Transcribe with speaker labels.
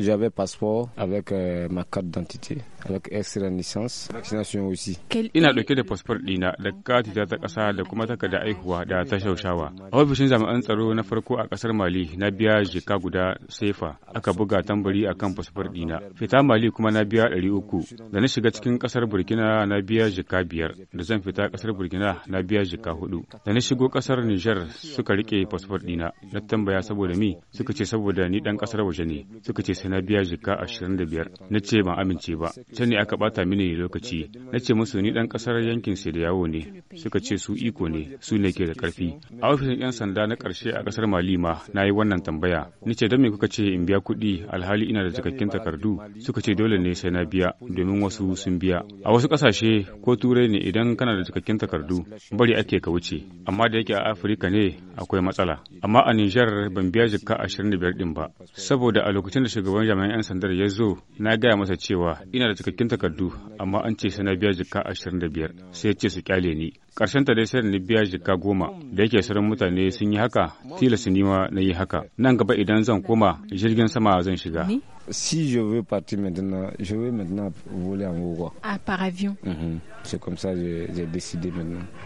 Speaker 1: J'avais passeport avec euh, ma carte d'identité, avec extra licence, vaccination aussi.
Speaker 2: Ina ɗauke da fasfor ɗina da kati ta ƙasa da kuma takarda aihuwa da ta shaushawa. A ofishin jami'an tsaro na farko a ƙasar Mali na biya jika guda sefa aka buga tambari kan fasfor ɗina Fita Mali kuma na biya ɗari uku da na shiga cikin kasar Burkina na biya jika biyar da zan fita ƙasar Burkina na biya jika hudu da na shigo ƙasar Nijar suka rike fasfor dina na tambaya saboda mi suka ce saboda ni dan ƙasar waje ne suka ce na biya jika ashirin da biyar na ce ban amince ba can ne aka bata mini lokaci na ce musu ni dan kasar yankin sai da yawo ne suka ce su iko ne su ne ke da karfi a ofishin yan sanda na karshe a kasar mali ma na yi wannan tambaya ni ce don me kuka ce in biya kuɗi alhali ina da cikakken takardu suka ce dole ne sai na biya domin wasu sun biya a wasu kasashe ko turai ne idan kana da cikakken takardu bari ake ka wuce amma da yake a afirka ne akwai matsala. Amma a Nijar ban biya jikka 25 din ba, saboda a lokacin da shugaban jami'an 'yan sandar ya zo na gaya masa cewa ina da cikakkin takardu amma an ce sai na biya jikka 25 sai ya ce su kyale ni. ƙarshen ta dai sai ni biya jikka goma da yake sauran mutane sun yi haka tilasta ni ma na yi haka. Nan gaba idan zan koma jirgin sama zan shiga.
Speaker 1: si je veux partir maintenant, je veux maintenant voler en Uruguay. Ah, par avion mm -hmm. C'est comme ça que j'ai décidé maintenant.